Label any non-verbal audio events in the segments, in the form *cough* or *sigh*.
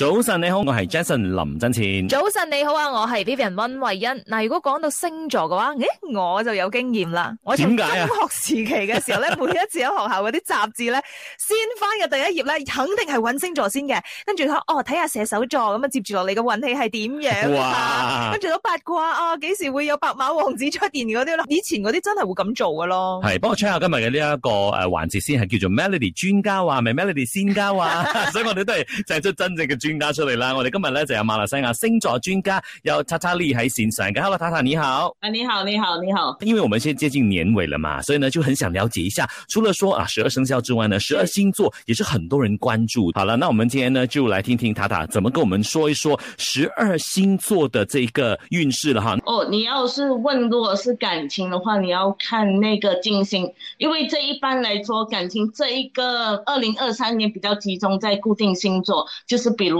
早晨你好，我係 Jason 林振前。早晨你好啊，我係 Vivian 溫慧欣。嗱，如果講到星座嘅話，誒我就有經驗啦。我從中學時期嘅時候咧，每一次喺學校嗰啲雜誌咧， *laughs* 先翻嘅第一頁咧，肯定係揾星座先嘅。跟住睇哦，睇下射手座咁啊，接住落嚟嘅運氣係點樣的？跟住到八卦啊，幾、哦、時會有白馬王子出現嗰啲咯？以前嗰啲真係會咁做嘅咯。係，幫我 check 下今日嘅呢一個誒環節先，係叫做 Melody 專家話咪 Melody 先交啊， *laughs* 所以我哋都係成出真正嘅專。啦！我哋今日咧就有馬來西亞星座專家，有 Tata Lee 喺線上嘅。Hello，塔塔你好，啊你好你好你好。因為我們現在接近年尾了嘛，所以呢就很想了解一下，除了說啊十二生肖之外呢，十二星座也是很多人關注。好了，那我們今天呢就來聽聽塔塔怎麼跟我們說一說十二星座的這一個運勢了。哈。哦，你要是問，如果是感情的話，你要看那個金星，因為這一般來說感情這一個二零二三年比較集中在固定星座，就是比如。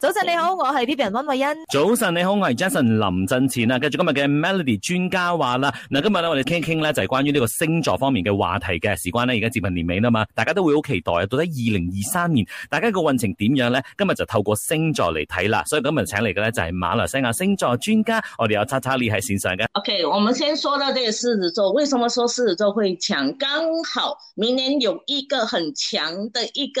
早晨你好，我係主持人溫慧欣。早晨你好，我係 Jason 林振前啊。繼續今日嘅 Melody 專家話啦，嗱，今日咧我哋傾傾咧就係關於呢個星座方面嘅話題嘅。事關咧而家接近年尾啦嘛，大家都會好期待啊。到底二零二三年大家個運程點樣咧？今日就透過星座嚟睇啦。所以今日請嚟嘅咧就係馬來西亞星座專家，我哋有 Tata 呢喺線上嘅。OK，我們先說到這個獅子座，為什麼說獅子座會強？剛好明年有一個很強的一個。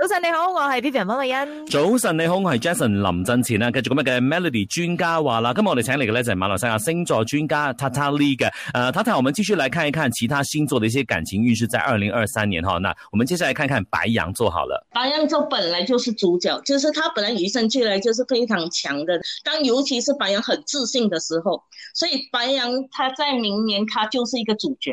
早晨你好，我係 Peter 溫慧欣。早晨你好，我係 Jason 林振前啊。跟住咁樣嘅 Melody 專家話啦，咁我哋請嚟嘅咧就係馬來西亞星座專家 Tata Lee。誒 Tata 我們繼續來看一看其他星座的一些感情運勢在2023，在二零二三年哈。那我們接下來看看白羊座好了。白羊座本來就是主角，就是他本來與生俱來就是非常強的。當尤其是白羊很自信的時候，所以白羊他在明年他就是一個主角。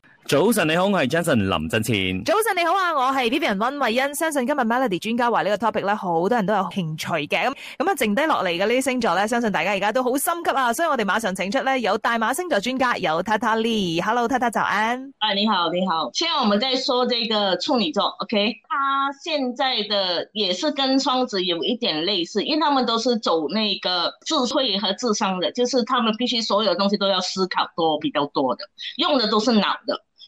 早晨，你好，我係 Jason 林振前。早晨，你好啊，我係 Vivian 溫慧欣。相信今日 Melody 專家話呢個 topic 咧，好多人都有興趣嘅。咁咁啊，剩低落嚟嘅呢啲星座咧，相信大家而家都好心急啊。所以我哋馬上請出咧有大馬星座專家有 Tata Lee。Hello Tata 早安。啊你好，你好。現在我們在說這個處女座，OK？他現在的也是跟雙子有一點類似，因為他們都是走那個智慧和智商的，就是他們必須所有東西都要思考多比較多的，用的都是腦的。